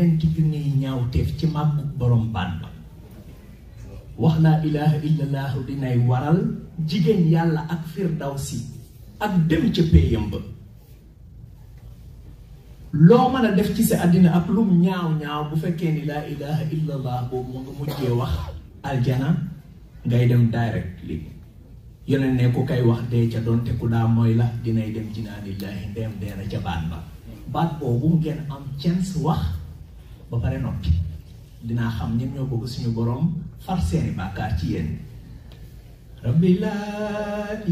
ñeenti junni yi ñaawteef ci màggu borom baat ba wax laa ilaha illallah dinay waral jigéen yàlla ak firdawsi ak dem ca péyam ba lo mën def ci sa adina ak lum ñaaw ñaaw bu fekkee ni laa ilaha illallah boobu mu nga mujjee wax aljana ngay dem direct li yeneen ne ku kay wax dee ca doonte ku la dinay dem jinaanillahi ndeem dee na ca baat ba baat boobu ngeen am chance wax ba pare noppi dina xam ñepp ñoo bëgg suñu borom far seen bakkar ci yeen rabbi la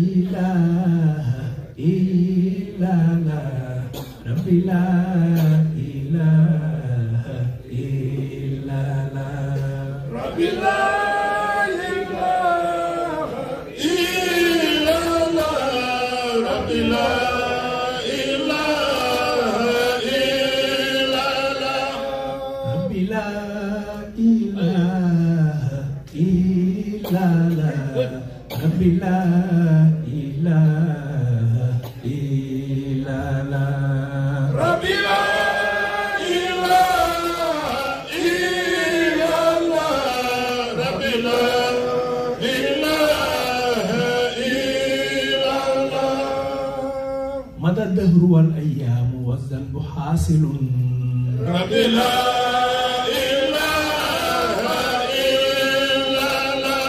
ilaha illa la rabbi la ilaha عسل رب لا إله إلا الله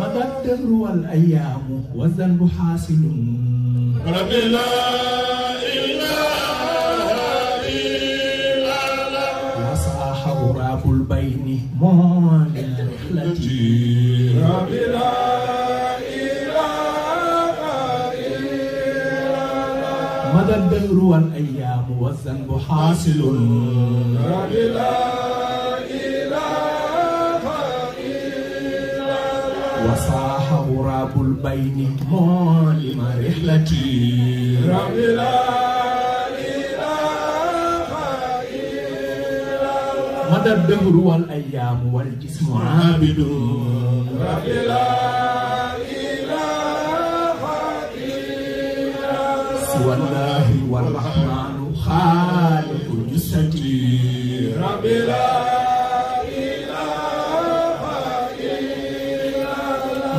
مدى الدهر والأيام والذنب حاصل رب لا إله إلا الله وصاح غراب البين مال الرحلة رب لا إله إلا الله مدى الدهر والأيام والذنب حاصل لا وصاح غراب البين معلم رحلتي رب لا إله إلا مدى الدهر والأيام والجسم عابد رب لا إله إلا سوى الله والرحمن خالق جسدي ربي لا إله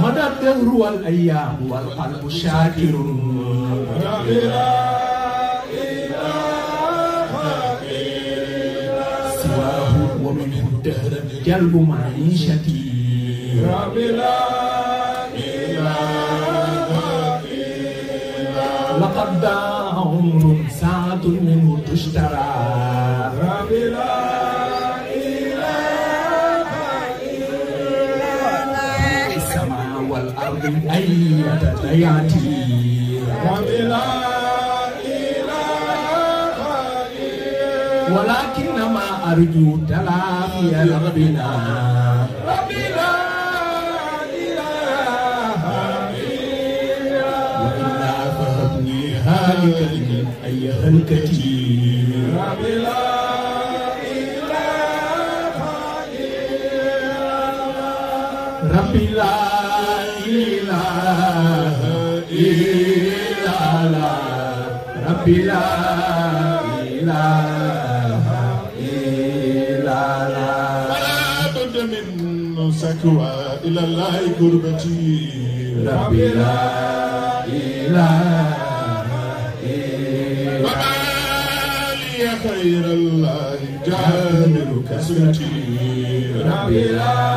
مدى الدهر والأيام والقلب شاكر ربي لا إله إلا الله سواه ومنه الدهر جلب معيشتي ربي لا إله إلا الله لقد داهم اشترى ربي لا إله إلا السماء والأرض أية يأتي ربي لا إله ولكن ما أرجو تلافي ربنا ربي لا إله إلا وإلا أيها الكتيب شكوى إلى الله كربتي ربي لا إله إلا ومالي خير الله جعل كسرتي ربي لا إله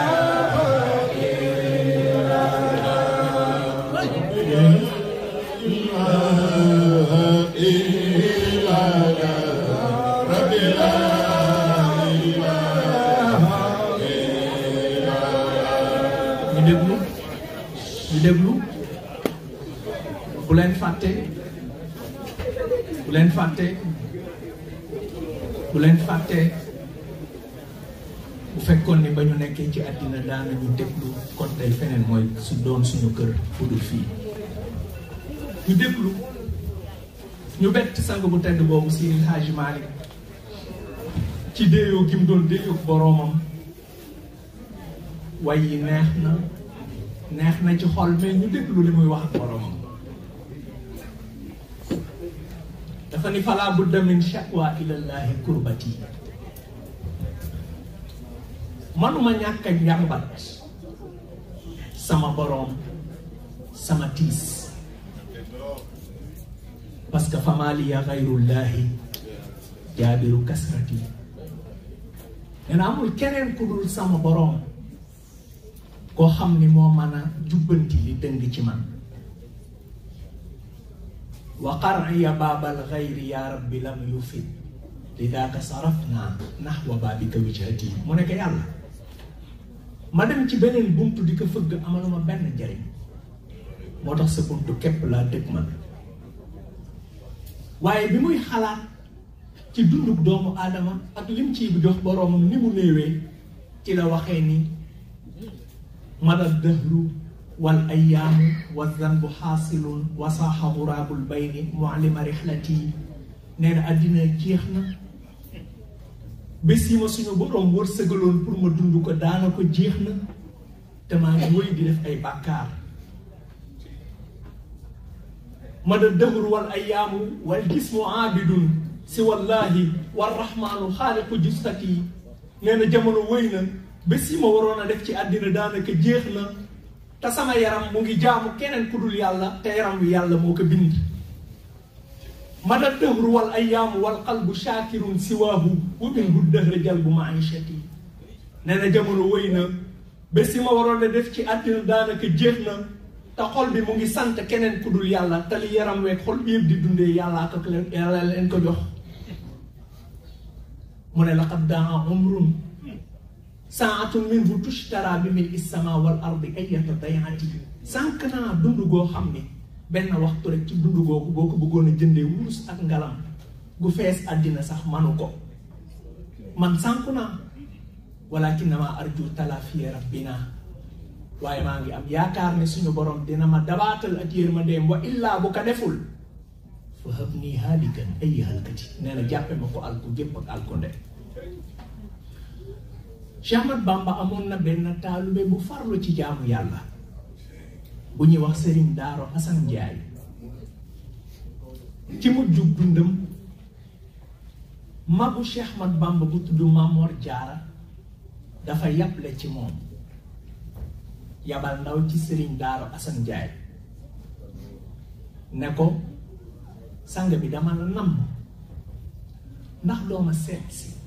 fàtte bu leen fàtte bu fekkoon ni ba ñu nekkee ci àddina daanañu déglu kon tey feneen mooy su doon suñu kër budul fii ñu déglu ñu bett sang bu tedd boobu si Hajji Malick ci déeyoo gi mu doon déeyoo boroomam way yi neex na neex na ci xol mais ñu déglu li muy wax boroomam dafani fala budda min shakwa ila allah qurbati manuma ñàkk a njàmbat sama borom sama tis, parce que famaliya ya jaabiru ya kasrati dana amul keneen ku dul sama borom ko xamni mo mana jubanti li dëng ci man Wakar qar'iya babal ghairi ya rabbi lam yufid lidaka sarafna nahwa babi tawijadi mu nekk yàlla ma ci beneen buntu di ko amaluma benn njariñ moo tax buntu képp laa man bi muy xalaat ci dunduk doomu ak lim ci bi ni mu ci la ni والأيام والذنب حاصل وصاح غراب البين معلم رحلتي نير أدنى كيخنا بسي ما سنو بروم ورسقلون پر مدندو كدانا كو جيخنا تما جوي دلف أي باكار مدى الدهر والأيام والجسم عابد سوى الله والرحمن خالق جستتي نير جمعنا وينا بسي ما ورونا دفتي أدنى دانا كجيخنا te sama yaram mu ngi jaamu keneen ku dul yàlla te yaram wi yàlla moo ko bind man a dëhru wal ayaamu wal qalbu shaakirun siwaahu wa minhu dëhr jalbu maishati nee na jamono wëy na ba si ma waroon a def ci àddina daanaka jeex na te xol bi mu ngi sant keneen ku dul yàlla te li yaram weeg xol bi yëpp di dundee yàllaa ko leen ko jox mu ne laqad daa umrun saatun minhu tushtara bi mil'i sama wal ardi ayata dayati sànq naa dund goo xam ne benn waxtu rek ci dund googu boo ko bëggoon a jëndee wurus ak ngalam gu fees àddina sax manu ko man sànq naa walakinama arju talaafiya rabbina waaye maa ngi am yaakaar ne suñu borom dina ma dabaatal ak yërmandeem wa illaa bu ko deful fa hab nii haalikan ay halkati nee na jàppe ma ko alku gépp alku nde Cheikh Ahmad amoon na benn taalube bu farlu ci jaamu yàlla bu ñuy wax Serigne Daaro Assane Ndiaye ci mujjug dundam magu Cheikh Ahmad bu tudd Mamor Jaara dafa yàble ci moom yabal ndaw ci Serigne Daaro Assane ne ko sang bi dama la namm ndax doo ma seet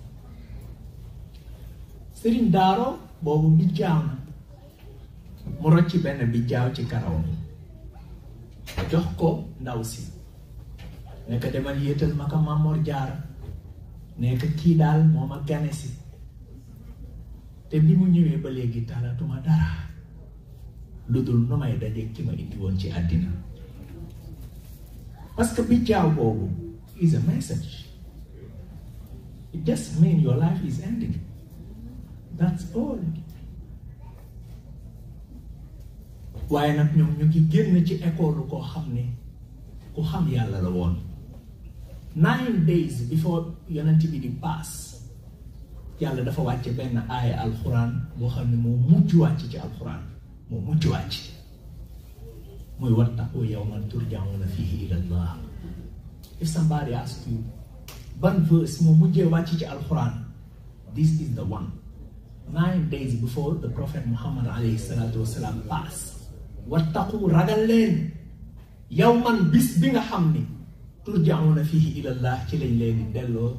sëriñ daaro boobu bijjaaw na mu rocc benn bijjaaw ci karaw mi jox ko ndaw si nekk demal yéetal ma ko Mamor Jaara nekk kii daal moo ma gane si te bi mu ñëwee ba léegi talatuma dara lu dul nu ki ma indi woon ci àddina parce que bijjaaw boobu is a message it just mean your life is ending That's all. waaye nag ñoom ñu ngi génn ci école koo xam ku xam yàlla ya. la woon nine days before yonent ya bi di pass, Yalla dafa wàcce benn aaya alxuraan boo xam ne moo mujj wàcc ci alxuraan moo mujj wàcc muy wattaqu yawman turjauna fihi ila allah if somebody asks you ban verse moo mujjee wàcc ci alquran this is the one nine days before the Prophet Muhammad alayhi salatu wasalam passed Wattaku ragal yawman bis bi nga xam turjauna fihi ilallah ci lañ leen dello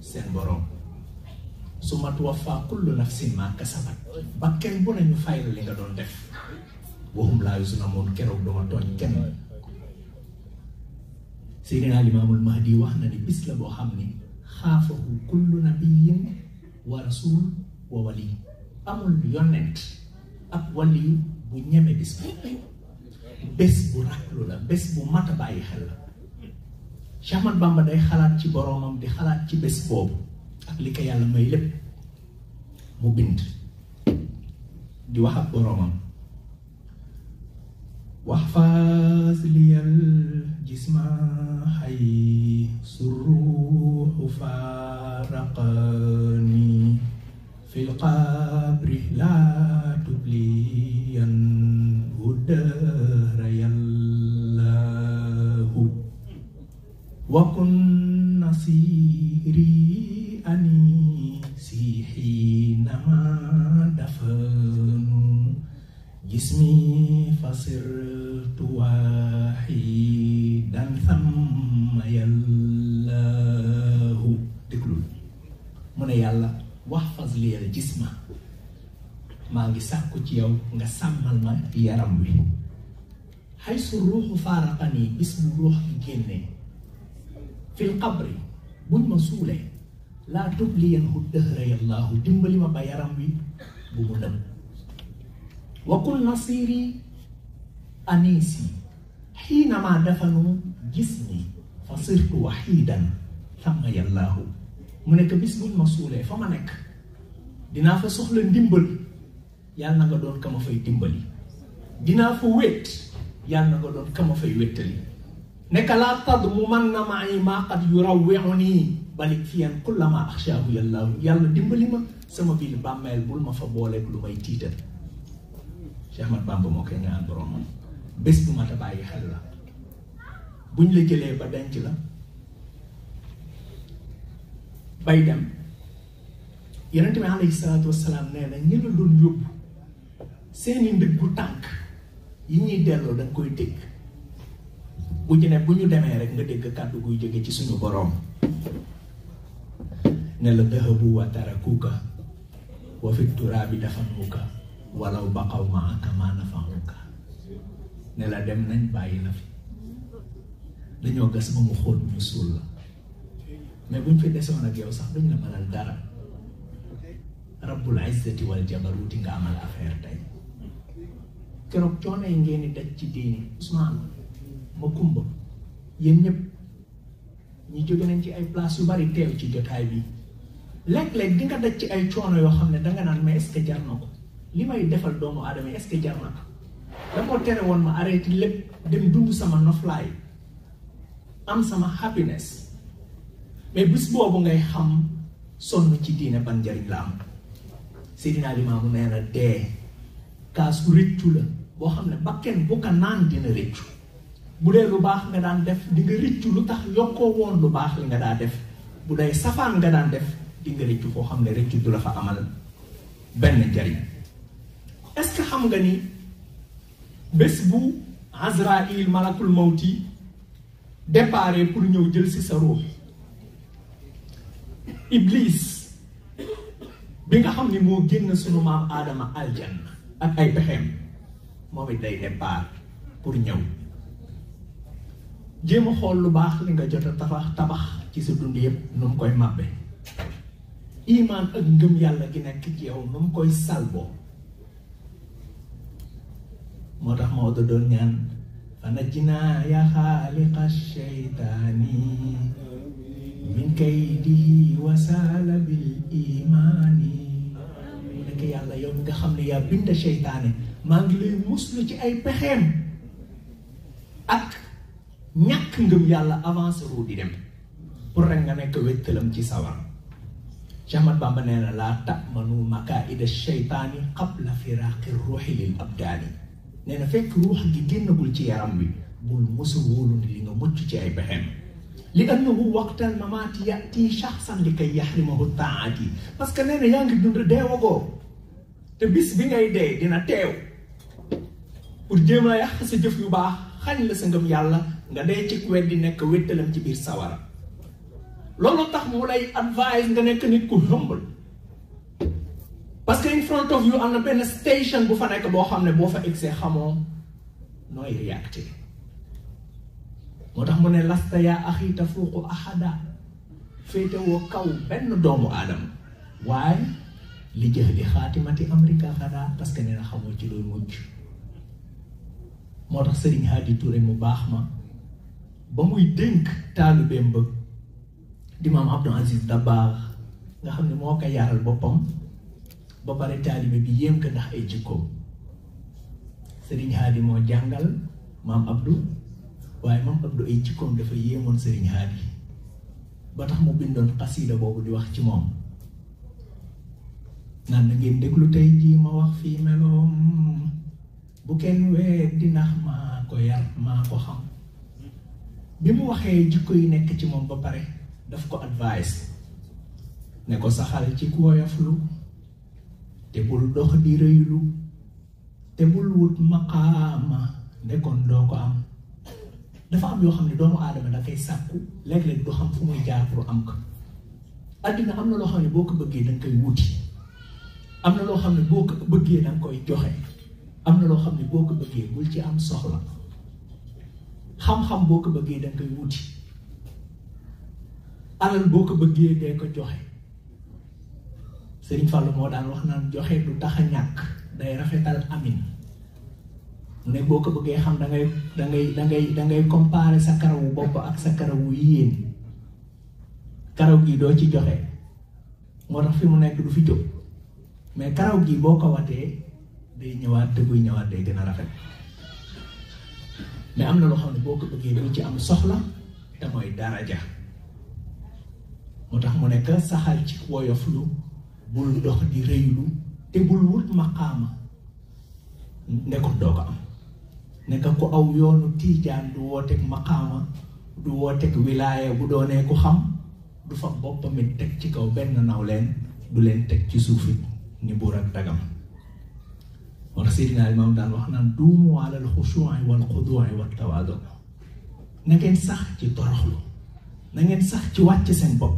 sen borom suma tuwaffa kullu nafsin ma kasabat ba kenn bu nañu fay li nga doon def waxum laa yusuna moon keroog duma ken. Sayyidina Seydina Limaamul Mahdi wax na ni bis la boo xam ni kullu nabiyyin wa rasul Wawali, wali amul yonent ak wali bu ñeme bis bes bu ràklu la bes bu mata a xel la Chaman Bamba day xalaat ci boromam di xalaat ci bes bobu ak li ko may lepp mu bind di wax ak boromam wax liyal jisma hay suruxu faraqani في القبر لا تبلين هدري الله وكن نصيري أنيسي حينما دفن جسمي فصرت واحدا ثم يالله تكلون من يالله lii gis ma maa ngi sàkku ci yow nga sàmmal ma yaram wi xay li yan ba yaram wi bu mu nëb wa kul nasiri anisi xiinamaa dafanu gis ni fa sirtu waxiidan sama yallaahu mu nekk bis ma suulee fa ma nekk dinaa fa soxla ndimbal yàlla na nga doon kama fay dimbali dinaa fa wét yàlla na nga doon kama fay wéttali nekka laa tadd mu man na ma ay yu raw weexu nii bali fiyan kullama axshaahu yàlla yàlla dimbali ma sama biir bàmmeel bul ma fa booleeg lu may tiital Cheikh Ahmad moo koy ñaan boromam bés bu mat a xel la buñ la jëlee ba denc la bay dem yonent bi alayhi salam nena nee na ñu la doon yóbbu seeni ndëggu dan yi ñuy delloo da koy dégg bu ci bu ñu deme rek nga deg kaddu guy joge ci suñu borom ne la dahabu wa tarakuka wa fi turabi dafanuka walaw baqaw maaka kama nafanuka ne la dem nañ bayyi la fi dañu gas ba mu xol musul mais buñ fi déssone ak yow sax duñ la maral dara rabbul izzati wal jabaruti nga amal affaire tey keroog coono yi ngeen di daj ci diini Ousmane ma kumba yéen ñëpp ñu jóge nañ ci ay place yu bari teew ci jotaay bi léeg-léeg di nga daj ci ay coono yoo xam ne danga naan mais est jar na ko li may defal doomu aadama est-ce que jar na ko da tere woon ma arrêté lépp dem dund sama noflaay am sama happiness mais bis boobu ngay xam sonn ci diine ban njariñ laa am Seydina Limaamu nee na dee kaas bu rëccu la boo xam ne bakken bu ko naan dina rëccu bu dee lu baax nga daan def di nga rëccu lu tax yokkoo woon lu baax li nga daa def bu dee safaan nga daan def di nga rëccu foo xam ne rëccu fa amal benn njariñ est-ce que xam nga ni bés bu Azraïl malakul Mauti, Depare pour ñëw jël si sa ruux Iblis bi nga xam ni moo génn sunu maam aadama aljanna ak ay pexeem moom it day départ pour ñëw jéem xool lu baax li nga jot a tabax tabax ci sa dund yëpp nu mu koy màbbe imaan ak ngëm yàlla gi nekk ci yow nu mu koy salboo moo tax Maodo doon ñaan fana jinaa yaa xaaliqa sheytaani min kaydihi wasaala bil imaani nekk yalla yow mi nga xam ne yaa bind seytaane maa ngi lay muslu ci ay pexeem ak ñàkk ngëm yàlla avancé wu di dem pour rek nga nekk wéttalam ci sawar Ahmad Bamba nee na laa tamanu makaida seytaani qabla firaaqi ruuxi lil abdaani nee na fekk ruux gi génnagul ci yaram bi bul mosu wóolu ni li nga mucc ci ay pexeem li annahu waqtal mamaati yati shaxsan li kay yaxrimahu taati parce que nee na yaa ngi dund te bis bi ngay dee dina teew pour jéem a yàq sa jëf yu baax xañ la sa ngëm yàlla nga dee ci wet di nekk wéttalam ci biir sawara loolu tax mu lay advise nga nekk nit ku humble parce que in front of you am na benn station bu fa nekk boo xam ne boo fa egsee xamoo nooy réacté moo tax mu ne lasta yaa axi tafuuqu ahada féetewoo kaw benn doomu aadama waaye li jahdi khatimati amrika xanaa parce que nee xamoo ci loolu mujj moo tax sëriñ Hadi Touré mu baax ma ba muy dénk ba di maam Abdou Aziz Dabaax nga xam ne moo ko yaral boppam ba pare taalibe bi yéem ko ndax e ay jikko sëriñ Hadi moo jàngal maam Abdou waaye maam Abdou ay e jikkoom dafa yéemoon sëriñ Hadi ba tax mu bindoon xasida boobu di wax ci moom naan na ngeen déglu tey jii ma wax fii meloom bu kenn wee dinax maa ko yar maa ko xam bi mu waxee jikko yi nekk ci moom ba pare daf ko advice ne ko saxal ci woyoflu te bul dox di te bul wut maqaama ndekoon am dafa am yoo xam ne doomu aadama da koy sàkku léeg-léeg du xam fu muy jaar pour am ko àddina am na loo xam ne boo ko bëggee danga koy wuti am na loo xam ne boo ko bëggee danga koy joxe am na loo xam ne boo ko bëggee bul ci am soxla xam-xam boo ko bëggee danga koy wuti alal boo ko bëggee dee ko joxe Sëriñ Fallou moo daan wax naan joxe du tax a ñàkk day rafetal amin mu ne boo ko bëggee xam dangay dangay da ngay da sa karawu bopp ak sa karawu yéen karaw gi doo ci joxe moo tax fi mu nekk du fi jóg. mais karaw gi boo ko watee day ñëwaat te buy ñëwaat day gën rafet mais am na loo xam ne boo ko bëggee bu ci am soxla te mooy daraja moo tax mu nekk saxaar ci woyoflu bul dox di rëylu te bul wut maqaama nekkut doo ko am nekk ku aw yoonu tiijaan du wooteeg maqaama du wooteeg wilaaya bu doonee ku xam du fa boppam teg ci kaw benn naw leen du leen teg ci suuf suufit ni buur ak dagam moo tax Seydina Imaam daan wax naan duumu alal xusuwaay wal xuduwaay wal tawaado na ngeen sax ci toroxlu na ngeen sax ci wàcc seen bopp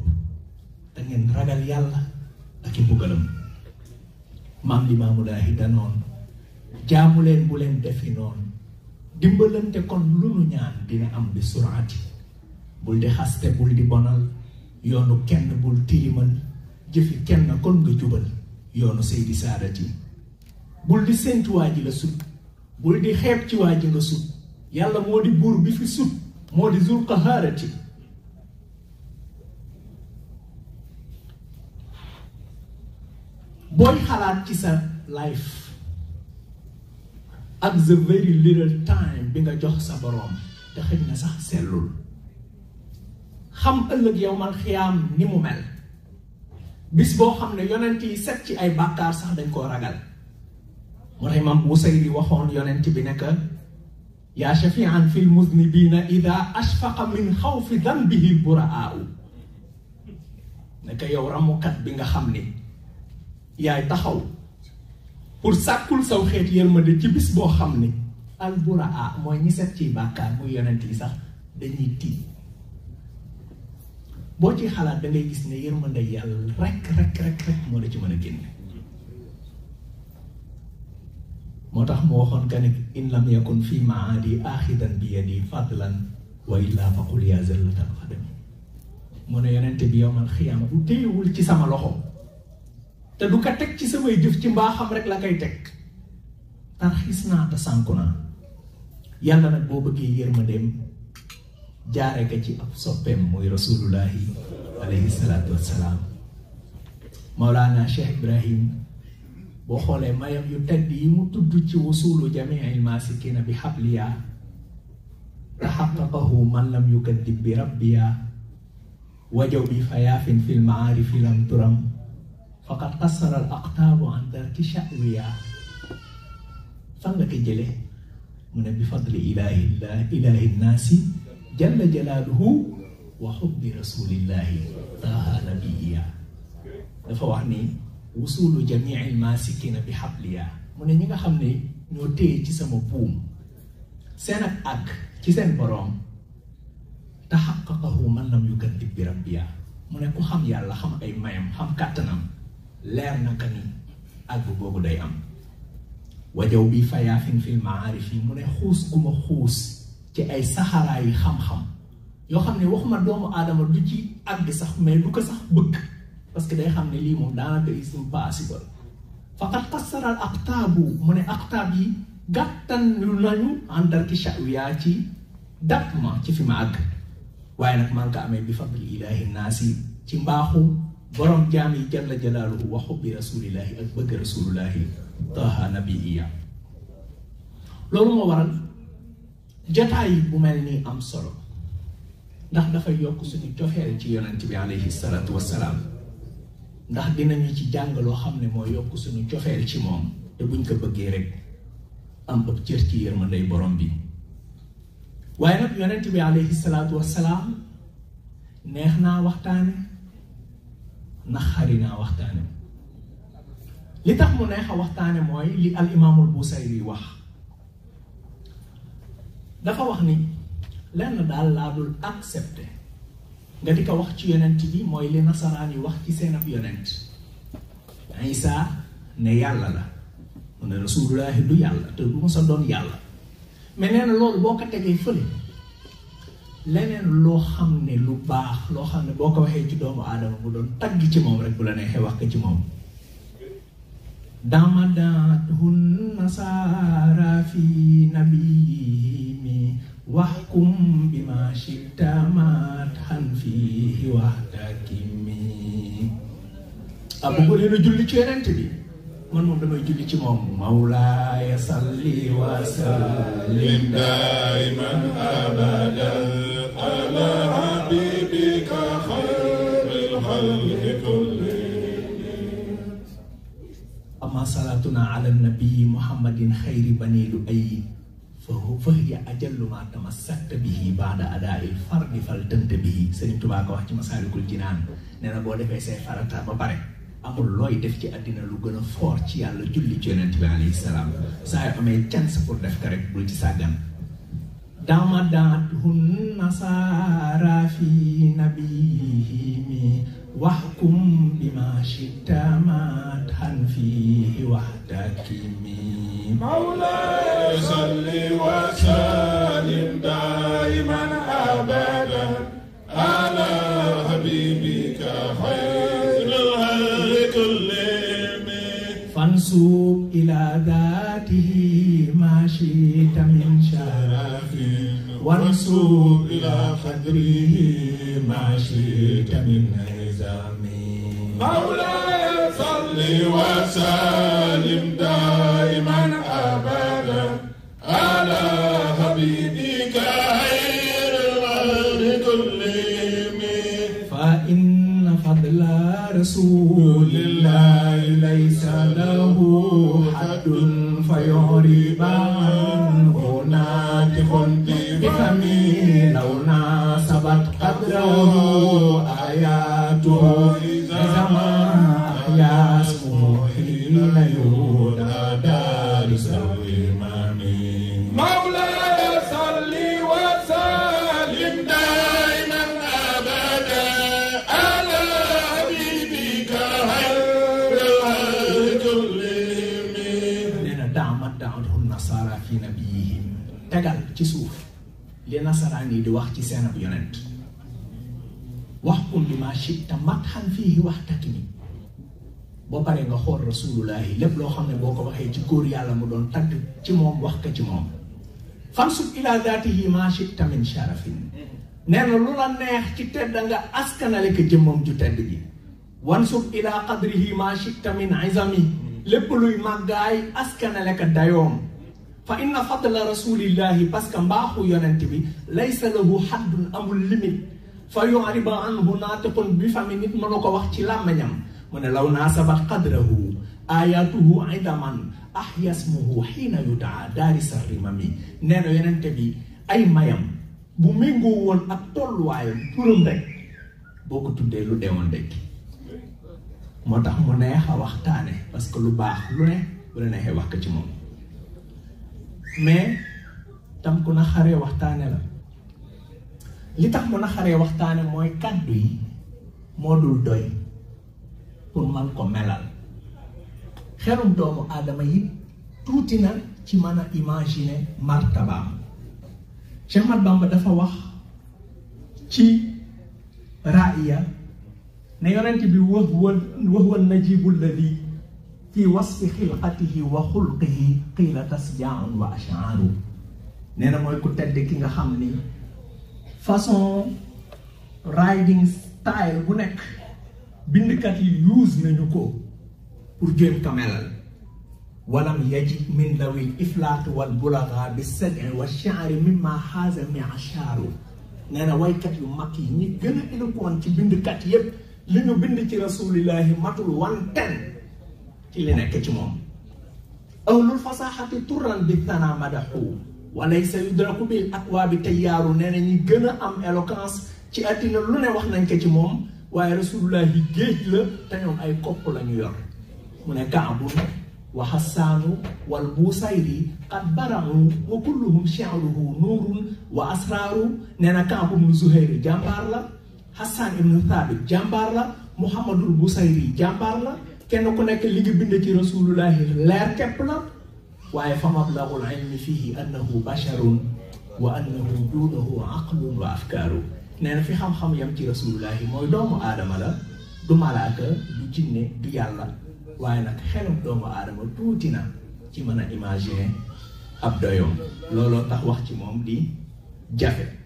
da ngeen ragal yàlla ak i mbugalam maam Limaamu Laahi danoon jaamu leen bu leen defi noonu dimbalante kon lu nu ñaan dina am bi suraati bul di xaste bul di bonal yoonu kenn bul tilimal jëfi kenn kon nga jubal yoonu Seydi Saadati bul di séntu waa ji la sut bul di xeeb ci waa ji nga sut yàlla moo di buur bi fi sut moo di zul qahaarati booy xalaat ci sa life ak the very little time bi nga jox sa boroom te xëj na sax sellul xam ëllëg yow man xiyaam ni mu mel bis boo xam ne yonent yi set ci ay bàkkaar sax dañ koo ragal moo tax imam Busayri waxoon yonent bi nekk yaa shafian fil muznibina ida ashfaqa min xawfi danbihi buraau nekk yow ramukat bi nga xam ni yaay taxaw pour sàkkul saw xeet yërmande ci bis boo xam ne al buraa mooy ñi set ciy bàkkaar muy yonent yi sax dañuy tiit bo ci xalaat da ngay gis ne yërmande yàlla rek rek rek rek moo la ci mën a génne moo tax mu waxoon ne in lam yakun fi maadi axidan bi yadi fadlan wa illa faqul ya zallatan xadami mo ne yonente bi yowmal xiyaama bu téyewul ci sama loxo te du ka teg ci samay jëf ci mbaaxam rek la kay teg tarxiis naa te sànku naa yàlla nag boo bëggee yërmandeem ke ci ab soppeem mooy rasulullahi alayhi salatu wassalam maulana Cheikh Ibrahim bo xole mayam yu tedd yi mu tuddu ci wasulu jamii masikin bi xabliyaa rahaqahu man lam yukaddib bi rabbiyaa wajaw bi fayafin fil ma'arif lam turam faqad qasara al aqtab an darki sha'wiyaa fan ke jele mun bi fadli ilahi ilahi nasi jalla jalaluhu wa hubbi rasulillah ta'ala nabiyya dafa wax ni wusulu jami'i masikina bi habliya mo ne nga xamne ñoo tey ci sama boom sen ak ak ci sen borom tahaqqaqahu man lam yukadib bi rabbiya mo ne ko xam yalla xam ay mayam xam katanam leer na kan ni ak bu boobu day am wajaw bi fayafin fil maarif mo ne xuus ku ma ci ay saxaraay xam-xam yo xamne ne waxuma doomu adama du ci àgg sax mais du ko sax bëgg parce que day xamne ne mom da naka is impossible faqat qassaral aqtaabu mu ne aqtab yi gattan lu lañu andar ki sha'wiya ci dat ma ci fi ma àgg waaye nag maa ngi bi fadl ilahi nasi ci mbaxu borom jami jalla jalaluhu wa hubbi rasulillahi ak bëgg rasulillahi taha nabiyya lolu mo waral jotaayu bu mel nii am solo ndax dafa yokk suñu cofeel ci yonent bi aleyhi salaatu wassalaam ndax dinañu ci jàng loo xam ne moo yokk suñu cofeel ci moom te buñ ko bëggee rek am ab cër ci yërmandey borom bi waaye nag yonent bi aleyhi salaatu wassalaam neex naa waxtaane naxari li tax mu neex a waxtaane li al imaamul Busayri wax dafa wax ni lenn daal laa dul accepté nga di ko wax ci yonent bi mooy li nasaraan yi wax ci seen ab yonent Isa ne yàlla la mu ne rasulullahi du yàlla te du mos doon yàlla mais nee na loolu boo ko tegee fële leneen loo xam ne lu baax loo xam ne boo ko waxee ci doomu aadama bu doon tagg ci moom rek bu la neexee wax ko ci moom hun nasara fi واحكم بما شئت مدحا فيه واحتكمي أبو بكر julli ci Yonent bi man moom damay julli ci moom مولاي صل وسلم دائما أبدا على حبيبك خير الخلق كلهم أما صلاتنا على النبي محمد خير بني لؤي foo fëhiya ajallu ma bi bihi baada adaa il fardi fal tënt bihi Sëriñ Tuubaa ko wax ci Masaalikul Jinaan nee na boo defee say farata ba pare amul looy def ci àddina lu gën a foor ci yàlla julli ci yonent bi alayhi salaam saa yoo amee chance pour def ko rek bul ci sàggan dama daat hun nasaara fi nabihimi waxkum bima shitta ma tan fihi waxtakimi mawlaaya الرسول إلى قدره معشير سبت قدره آياته seen ab yonent wax kun bi maa shitta mat xan fii wax takk ni boo paree nga xool rasulullahi lépp loo xam ne boo ko waxee ci góor yàlla mu doon tagg ci moom wax ko ci moom fansub ila zaatihi maa shitta min sharafin nee na lu la neex ci tedd nga askanale ko jëmmam ju tedd ji wansub ila qadrihi maa shitta min izami lépp luy màggaay askanale ko dayoom fa inna رسول الله باسكو مباخو يوننتبي ليس له حد أم ليميت فيعرب عنه ناطق بفم نيت منوكو واخ سي لامنيام من لو ناسب قدره آياته عندما أحيا اسمه حين يدعى أي mayam bu mengoo won ak tolluwaayam turum rek boko tuddé lu démon dekki motax mu neex parce que lu bax lu bu wax ci mom mais tam ku na xaree waxtaane la li tax mu na xaree waxtaane mooy kàddu yi moo dul doy pour man ko melal xelum doomu aadama yi tuuti na ci mën a imaginer martabaam Cheikh Mat dafa wax ci raaya ne yonent bi wax wal wax wal najibul ladi في وصف خلقته وخلقه قيل تسجع وأشعار نينا موي كو تيد كي nga xamni façon riding style bu nek bind kat yi use nañu ko pour jëm kamelal ولم يجد من ذوي الإفلاط والبلغاء بالسجع والشعر مما حاز معشار نانا ويكات يو مكي ني غنا الكون تي بند كات ييب لي ني بند تي رسول الله ماتول وان تن ci li nekk ci moom awlul fasaxati turan bi tana madaxu walaysa yudraku bil aqwa bi tayyaaru nee na ñi gën a am éloquence ci àddina lu ne wax nañ ko ci moom waaye rasulullahi géej la te ñoom ay kopp lañu yor mu ne kaabun wa xassaanu wal buusayri qad bararu wa kulluhum cheruhu nuurun wa asraaru nee na kaabun mu zuhayri jàmbaar la xassaan ibnu thabit jàmbaar la muhammadul buusayri jàmbaar la kenn ku nekk li bind ci rasulullahi leer képp la waaye fa mablagul ilmi fihi annahu basharun wa annahu duunahu wa afkaaru nee na fi xam-xam yam ci rasulullahi mooy doomu aadama la du malaaka du jinne du yàlla waaye nag xelum doomu aadama tuuti na ci mën a imaginer ab doyoom looloo tax wax ci moom di jafe